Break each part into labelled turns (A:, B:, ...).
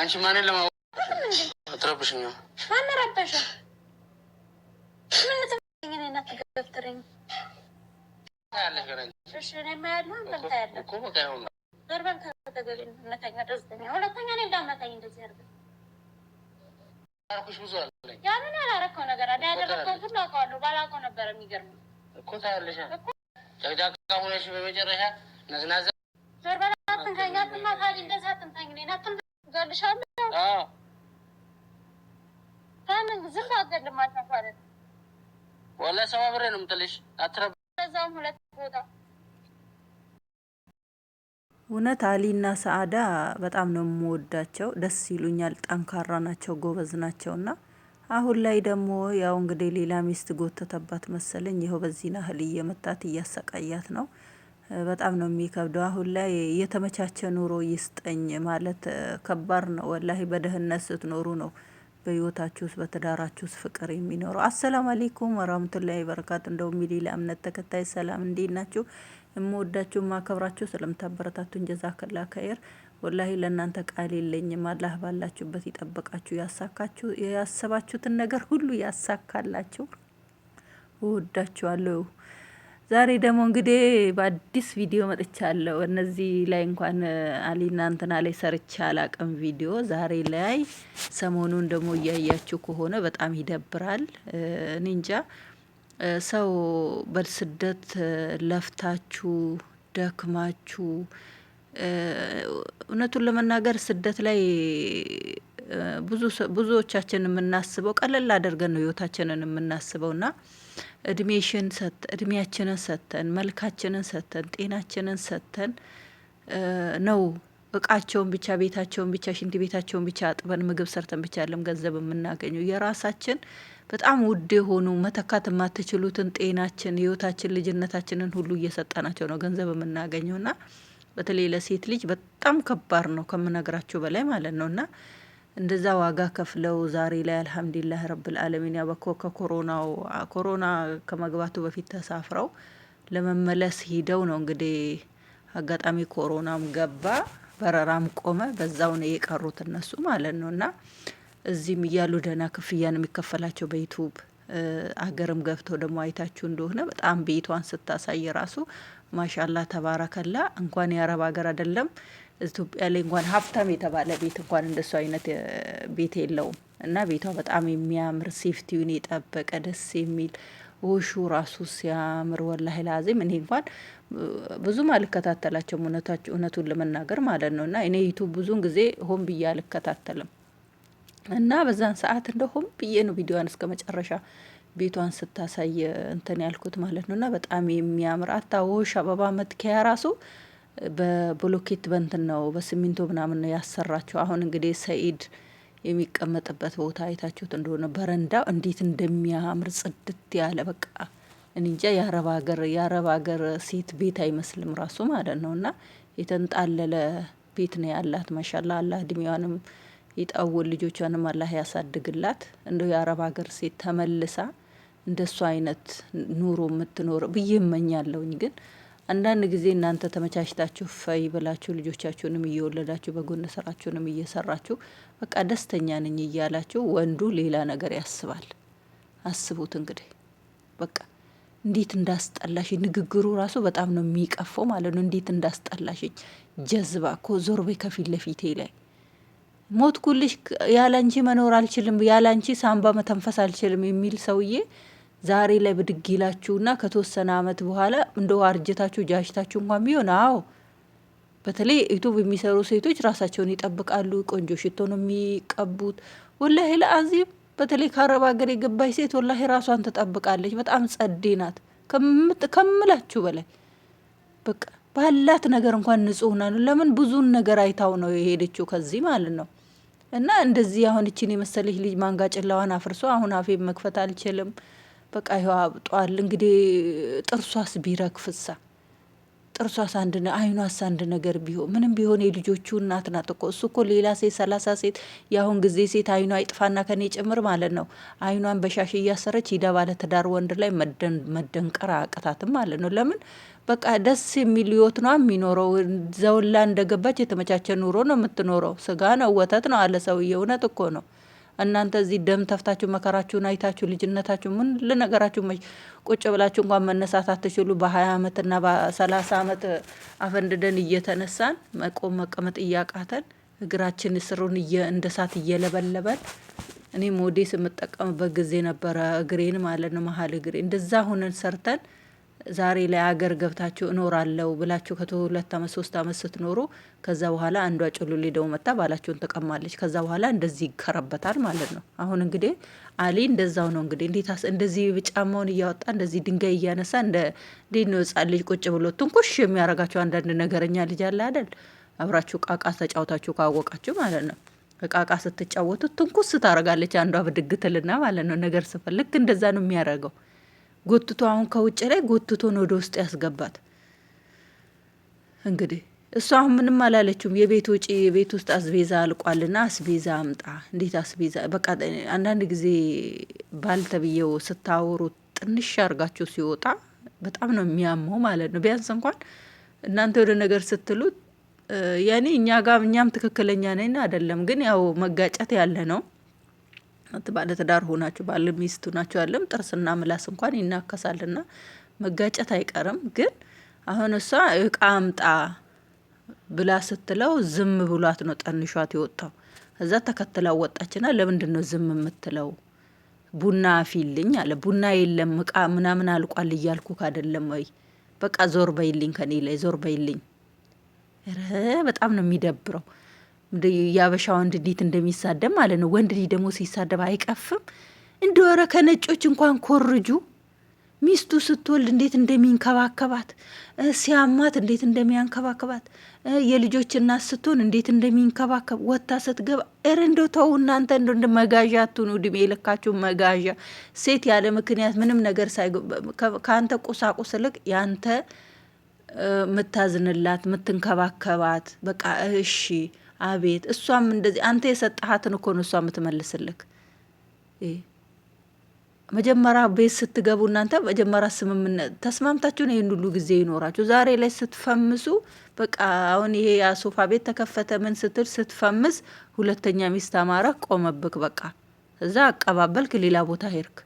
A: አንቺ ማንን ለማወቅ አትረብሽኝ።
B: ማን ረበሸ? ምን ትፈልጊ ነው? ያንን ያላረከው ነገር አለ። ያደረግከውን ሁሉ አውቀዋለሁ። ባላውቀው ነበረ የሚገርመው
A: እኮ ታያለሽ። ጨቅጫቃ ሆነሽ በመጨረሻ ነዝናዛ
B: ዞር በላት። አትንካኝ፣ አትማታኝ፣ እንደዛ አትንካኝ። እኔን ሰው
A: አብሬ ነው የምጥልሽ።
C: እውነት አሊ እና ሰአዳ በጣም ነው የምወዳቸው። ደስ ይሉኛል። ጠንካራ ናቸው፣ ጎበዝ ናቸው እና አሁን ላይ ደግሞ ያው እንግዲህ ሌላ ሚስት ጎተተባት መሰለኝ። ይኸው በዚህ ናህል እየመታት እያሰቃያት ነው። በጣም ነው የሚከብደው። አሁን ላይ የተመቻቸ ኑሮ ይስጠኝ ማለት ከባድ ነው ወላሂ። በድህነት ስትኖሩ ነው በህይወታችሁ ውስጥ በትዳራችሁ ውስጥ ፍቅር የሚኖረው። አሰላሙ አሌይኩም ወራህመቱላሂ በረካቱ። እንደው ሚሊላ እምነት ተከታይ ሰላም፣ እንዴት ናችሁ? የምወዳችሁ ማከብራችሁ ስለምታበረታቱን ጀዛከላ ከይር። ወላሂ ለእናንተ ቃል የለኝም። አላህ ባላችሁበት ይጠብቃችሁ፣ ያሳካችሁ፣ ያሰባችሁትን ነገር ሁሉ ያሳካላችሁ። እወዳችኋለሁ። ዛሬ ደግሞ እንግዲህ በአዲስ ቪዲዮ መጥቻለሁ። እነዚህ ላይ እንኳን አሊና ላይ ሰርቼ አላቅም ቪዲዮ ዛሬ ላይ ሰሞኑን ደግሞ እያያችሁ ከሆነ በጣም ይደብራል። እኔ እንጃ ሰው በስደት ለፍታችሁ ደክማችሁ እውነቱን ለመናገር ስደት ላይ ብዙዎቻችን የምናስበው ቀለል አድርገን ነው ህይወታችንን የምናስበው ና እድሜሽን ሰጥተን እድሜያችንን ሰጥተን መልካችንን ሰጥተን ጤናችንን ሰጥተን ነው እቃቸውን ብቻ ቤታቸውን ብቻ ሽንት ቤታቸውን ብቻ አጥበን ምግብ ሰርተን ብቻ ያለም ገንዘብ የምናገኘው የራሳችን በጣም ውድ የሆኑ መተካት የማትችሉትን ጤናችን፣ ህይወታችን፣ ልጅነታችንን ሁሉ እየሰጠናቸው ነው ገንዘብ የምናገኘው ና በተለይ ለሴት ልጅ በጣም ከባድ ነው ከምነግራችሁ በላይ ማለት ነው እና እንደዛ ዋጋ ከፍለው ዛሬ ላይ አልሐምዱሊላህ ረብል አለሚን ያበኮ ከኮሮናው ኮሮና ከመግባቱ በፊት ተሳፍረው ለመመለስ ሂደው ነው እንግዲህ አጋጣሚ ኮሮናም ገባ፣ በረራም ቆመ። በዛው ነው የቀሩት እነሱ ማለት ነው። እና እዚህም እያሉ ደህና ክፍያ ነው የሚከፈላቸው በዩቱብ አገርም ገብተው ደግሞ አይታችሁ እንደሆነ በጣም ቤቷን ስታሳይ ራሱ ማሻላ ተባረከላ። እንኳን የአረብ ሀገር አይደለም ኢትዮጵያ ላይ እንኳን ሀብታም የተባለ ቤት እንኳን እንደሱ አይነት ቤት የለውም። እና ቤቷ በጣም የሚያምር ሴፍቲውን የጠበቀ ደስ የሚል ውሹ ራሱ ሲያምር ወላሂ ላዚም እኔ እንኳን ብዙም አልከታተላቸውም እውነቱን ለመናገር ማለት ነው። እና እኔ ዩቱብ ብዙን ጊዜ ሆን ብዬ አልከታተልም። እና በዛን ሰዓት እንደ ሆን ብዬ ነው ቪዲዮዋን እስከ መጨረሻ ቤቷን ስታሳይ እንትን ያልኩት ማለት ነው። እና በጣም የሚያምር አታ ውሽ አበባ መትከያ ራሱ በብሎኬት በንትን ነው በሲሚንቶ ምናምን ነው ያሰራቸው። አሁን እንግዲህ ሰኢድ የሚቀመጥበት ቦታ አይታችሁት እንደሆነ በረንዳው እንዴት እንደሚያምር ጽድት ያለ በቃ እንጃ የአረብ ሀገር የአረብ ሀገር ሴት ቤት አይመስልም ራሱ ማለት ነው። እና የተንጣለለ ቤት ነው ያላት። ማሻላ አላህ እድሜዋንም ይጣውል ልጆቿንም አላህ ያሳድግላት። እንደው የአረብ ሀገር ሴት ተመልሳ እንደሱ አይነት ኑሮ የምትኖር ብዬ እመኛለሁኝ ግን አንዳንድ ጊዜ እናንተ ተመቻችታችሁ ፈይ ብላችሁ ልጆቻችሁንም እየወለዳችሁ በጎን ስራችሁንም እየሰራችሁ በቃ ደስተኛ ነኝ እያላችሁ ወንዱ ሌላ ነገር ያስባል። አስቡት እንግዲህ በቃ እንዴት እንዳስጠላሽ ንግግሩ ራሱ በጣም ነው የሚቀፈው ማለት ነው። እንዴት እንዳስጠላሽኝ ጀዝባ እኮ ዞር በይ ከፊት ለፊቴ ላይ ሞትኩልሽ፣ ያላንቺ መኖር አልችልም፣ ያላንቺ ሳንባ መተንፈስ አልችልም የሚል ሰውዬ ዛሬ ላይ ብድግ ይላችሁና ከተወሰነ አመት በኋላ እንደ አርጀታችሁ ጃሽታችሁ እንኳን ቢሆን አዎ በተለይ ዩቱብ የሚሰሩ ሴቶች ራሳቸውን ይጠብቃሉ። ቆንጆ ሽቶ ነው የሚቀቡት። ወላሂ ለአዚም በተለይ ከአረብ ሀገር የገባች ሴት ወላሂ ራሷን ትጠብቃለች። በጣም ጸዴ ናት ከምላችሁ በላይ በቃ ባላት ነገር እንኳን ንጹህ ና ለምን ብዙን ነገር አይታው ነው የሄደችው ከዚህ ማለት ነው። እና እንደዚህ አሁን እችን የመሰለች ልጅ ማንጋ ጭላዋን አፍርሶ አሁን አፌ መክፈት አልችልም በቃ ይኸው አብጧል። እንግዲህ ጥርሷስ ቢረግፍሳ ጥርሷስ አንድ አይኗስ አንድ ነገር ቢሆን ምንም ቢሆን የልጆቹ እናት ናት እኮ። እሱ እኮ ሌላ ሴት ሰላሳ ሴት የአሁን ጊዜ ሴት አይኗ አይጥፋና ከኔ ጭምር ማለት ነው አይኗን በሻሽ እያሰረች ሂዳ ባለ ትዳር ወንድ ላይ መደንቀር አቅታትም ማለት ነው። ለምን በቃ ደስ የሚል ህይወት ነው የሚኖረው። ዘውላ እንደገባች የተመቻቸ ኑሮ ነው የምትኖረው። ስጋ ነው ወተት ነው አለ ሰውዬ። እውነት እኮ ነው። እናንተ እዚህ ደም ተፍታችሁ መከራችሁን አይታችሁ ልጅነታችሁ ምን ልነገራችሁ ቁጭ ብላችሁ እንኳን መነሳት አትችሉ። በሀያ አመትና በሰላሳ አመት አፈንድደን እየተነሳን መቆም መቀመጥ እያቃተን እግራችን ስሩን እንደ ሳት እየለበለበን እኔ ሞዴስ የምጠቀምበት ጊዜ ነበረ። እግሬን ማለት ነው መሀል እግሬ እንደዛ ሁነን ሰርተን ዛሬ ላይ አገር ገብታችሁ እኖራለሁ ብላችሁ ሁለት አመት ሶስት አመት ስትኖሩ ከዛ በኋላ አንዷ ጭሉ ሊደው መጣ ባላችሁን ትቀማለች። ከዛ በኋላ እንደዚህ ይከረበታል ማለት ነው። አሁን እንግዲህ አሊ እንደዛው ነው እንግዲህ እንዴታስ እንደዚህ ጫማውን እያወጣ እንደዚህ ድንጋይ እያነሳ እንዴት ነው ህጻን ልጅ ቁጭ ብሎ ትንኩሽ የሚያደርጋቸው አንዳንድ ነገረኛ ልጅ አለ አይደል? አብራችሁ ቃቃ ተጫውታችሁ ካወቃችሁ ማለት ነው ቃቃ ስትጫወቱ ትንኩስ ታረጋለች አንዷ ብድግትልና ማለት ነው ነገር ስፈልግ እንደዛ ነው የሚያደርገው። ጎትቶ አሁን ከውጭ ላይ ጎትቶን ወደ ውስጥ ያስገባት። እንግዲህ እሷ አሁን ምንም አላለችውም። የቤት ውጪ የቤት ውስጥ አስቤዛ አልቋልና አስቤዛ አምጣ። እንዴት አስቤዛ? በቃ አንዳንድ ጊዜ ባል ተብዬው ስታወሩ ጥንሽ አርጋችሁ ሲወጣ በጣም ነው የሚያመው ማለት ነው። ቢያንስ እንኳን እናንተ ወደ ነገር ስትሉት ያኔ እኛ ጋር እኛም ትክክለኛ ነን አይደለም፣ ግን ያው መጋጨት ያለ ነው። ባለትዳር ሆናችሁ ባል ሚስቱ ሆናችሁ ያለም ጥርስና ምላስ እንኳን ይናከሳልና መጋጨት አይቀርም። ግን አሁን እሷ እቃ አምጣ ብላ ስትለው ዝም ብሏት ነው ጠንሿት የወጣው። እዛ ተከትላ ወጣችና ለምንድን ነው ዝም የምትለው? ቡና አፊልኝ አለ። ቡና የለም እቃ ምናምን አልቋል እያልኩ ካደለም ወይ በቃ ዞር በይልኝ፣ ከኔ ላይ ዞር በይልኝ። ኧረ በጣም ነው የሚደብረው። የአበሻ ወንድ እንዴት እንደሚሳደብ ማለት ነው። ወንድ ልጅ ደግሞ ሲሳደብ አይቀፍም? እንደወረ ከነጮች እንኳን ኮርጁ። ሚስቱ ስትወልድ እንዴት እንደሚንከባከባት ሲያማት እንዴት እንደሚያንከባከባት የልጆች እናት ስትሆን እንዴት እንደሚንከባከብ ወታ ስትገባ፣ እረ እንደ ተው እናንተ እንደ እንደ መጋዣ አትሁኑ። እድሜ የለካችሁ መጋዣ። ሴት ያለ ምክንያት ምንም ነገር ሳይ ከአንተ ቁሳቁስ ልቅ ያንተ ምታዝንላት ምትንከባከባት በቃ እሺ አቤት እሷም እንደዚህ አንተ የሰጠሃትን እኮ ነው እሷ የምትመልስልክ። መጀመሪያ ቤት ስትገቡ እናንተ መጀመሪያ ስምምነት ተስማምታችሁ ነው ይህን ሁሉ ጊዜ ይኖራችሁ። ዛሬ ላይ ስትፈምሱ በቃ አሁን ይሄ የሶፋ ቤት ተከፈተ ምን ስትል ስትፈምስ ሁለተኛ ሚስት አማረህ ቆመብክ። በቃ እዛ አቀባበልክ፣ ሌላ ቦታ ሄድክ።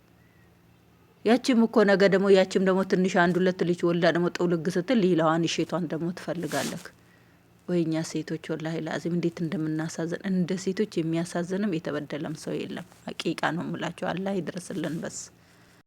C: ያቺም እኮ ነገ ደግሞ ያቺም ደግሞ ትንሽ አንድ ሁለት ልጅ ወልዳ ደግሞ ጥውልግ ስትል ሌላዋን እሼቷን ደግሞ ትፈልጋለክ። ወይኛ ሴቶች ወላሂ ላዚም እንዴት እንደምናሳዘን እንደ ሴቶች የሚያሳዝንም የተበደለም ሰው የለም። አቂቃ ነው ምላቸው። አላህ ይድረስልን በስ